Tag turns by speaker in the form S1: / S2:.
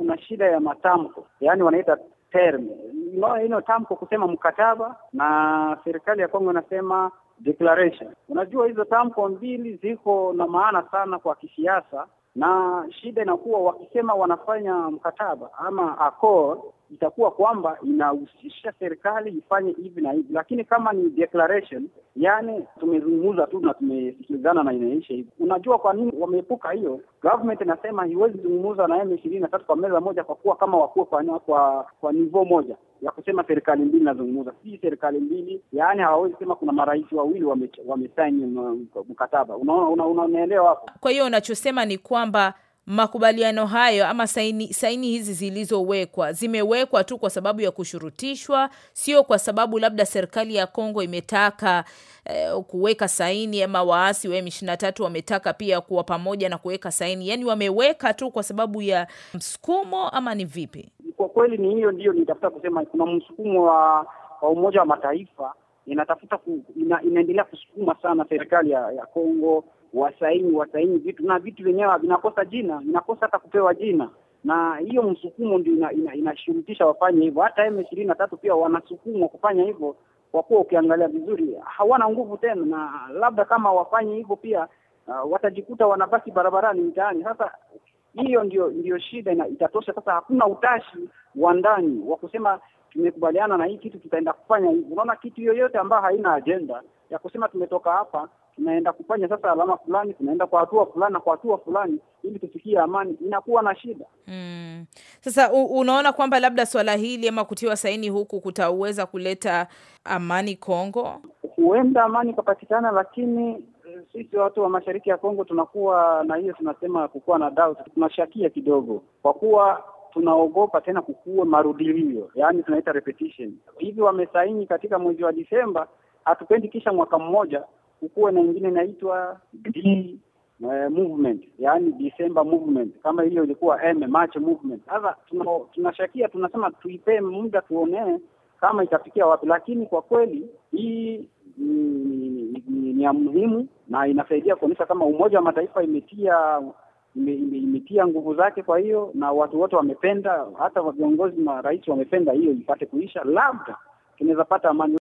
S1: kuna shida ya matamko, yaani wanaita terme ino tamko kusema mkataba, na serikali ya Kongo inasema declaration. Unajua hizo tamko mbili ziko na maana sana kwa kisiasa, na shida inakuwa wakisema wanafanya mkataba ama accord itakuwa kwamba inahusisha serikali ifanye hivi na hivi, lakini kama ni declaration, yani tumezungumza tu na tumesikilizana na inaisha hivi. Unajua kwa nini wameepuka hiyo? Government inasema haiwezi zungumza na M ishirini na tatu kwa meza moja, kwa kuwa kama wakuwe kwa, kwa, kwa nivo moja ya kusema serikali mbili nazungumza, si serikali mbili, yaani hawawezi sema kuna marais wawili wamesaini wame mkataba. Unaona,
S2: unaelewa una, una hapo. Kwa hiyo unachosema ni kwamba makubaliano hayo ama saini, saini hizi zilizowekwa zimewekwa tu kwa sababu ya kushurutishwa, sio kwa sababu labda serikali ya Kongo imetaka eh, kuweka saini ama waasi wa M23 wametaka pia kuwa pamoja na kuweka saini. Yani wameweka tu kwa sababu ya msukumo ama ni vipi?
S1: Kwa kweli ni hiyo ndiyo nitafuta kusema, kuna msukumo wa, wa Umoja wa Mataifa inatafuta ku, ina, inaendelea kusukuma sana serikali ya, ya Kongo wasaini wasaini vitu na vitu vyenyewe vinakosa jina, vinakosa hata kupewa jina, na hiyo msukumo ndio inashurutisha ina, ina wafanye hivyo. Hata M ishirini na tatu pia wanasukumwa kufanya hivyo, kwa kuwa ukiangalia vizuri hawana nguvu tena, na labda kama wafanye hivyo pia uh, watajikuta wanabaki barabarani mtaani. Sasa hiyo ndio ndio shida na itatosha sasa. Hakuna utashi wa ndani wa kusema tumekubaliana na hii kitu tutaenda kufanya hivi. Unaona, kitu yoyote ambayo haina ajenda ya kusema tumetoka hapa tunaenda kufanya sasa alama fulani, tunaenda kwa hatua fulani na kwa hatua fulani ili tufikie amani, inakuwa na shida
S2: mm. Sasa u, unaona kwamba labda swala hili ama kutiwa saini huku kutaweza kuleta amani Kongo,
S1: huenda amani ikapatikana, lakini sisi watu wa mashariki ya Kongo tunakuwa na hiyo, tunasema kukuwa na doubt, tunashakia kidogo kwa kuwa tunaogopa tena kukuwa marudilio, yaani tunaita repetition. Hivi wamesaini katika mwezi wa Disemba, hatupendi kisha mwaka mmoja kukuwa na ingine inaitwa D eh, movement, yaani December movement, kama hiyo ilikuwa M March movement. Sasa tunashakia, tunasema tuipee muda tuonee kama itafikia wapi, lakini kwa kweli hii ni ya muhimu na inasaidia kuonyesha kama Umoja wa Mataifa imetia ime, ime, imetia nguvu zake. Kwa hiyo na watu wote wamependa, hata viongozi na rais wamependa hiyo ipate kuisha, labda tunaweza pata amani.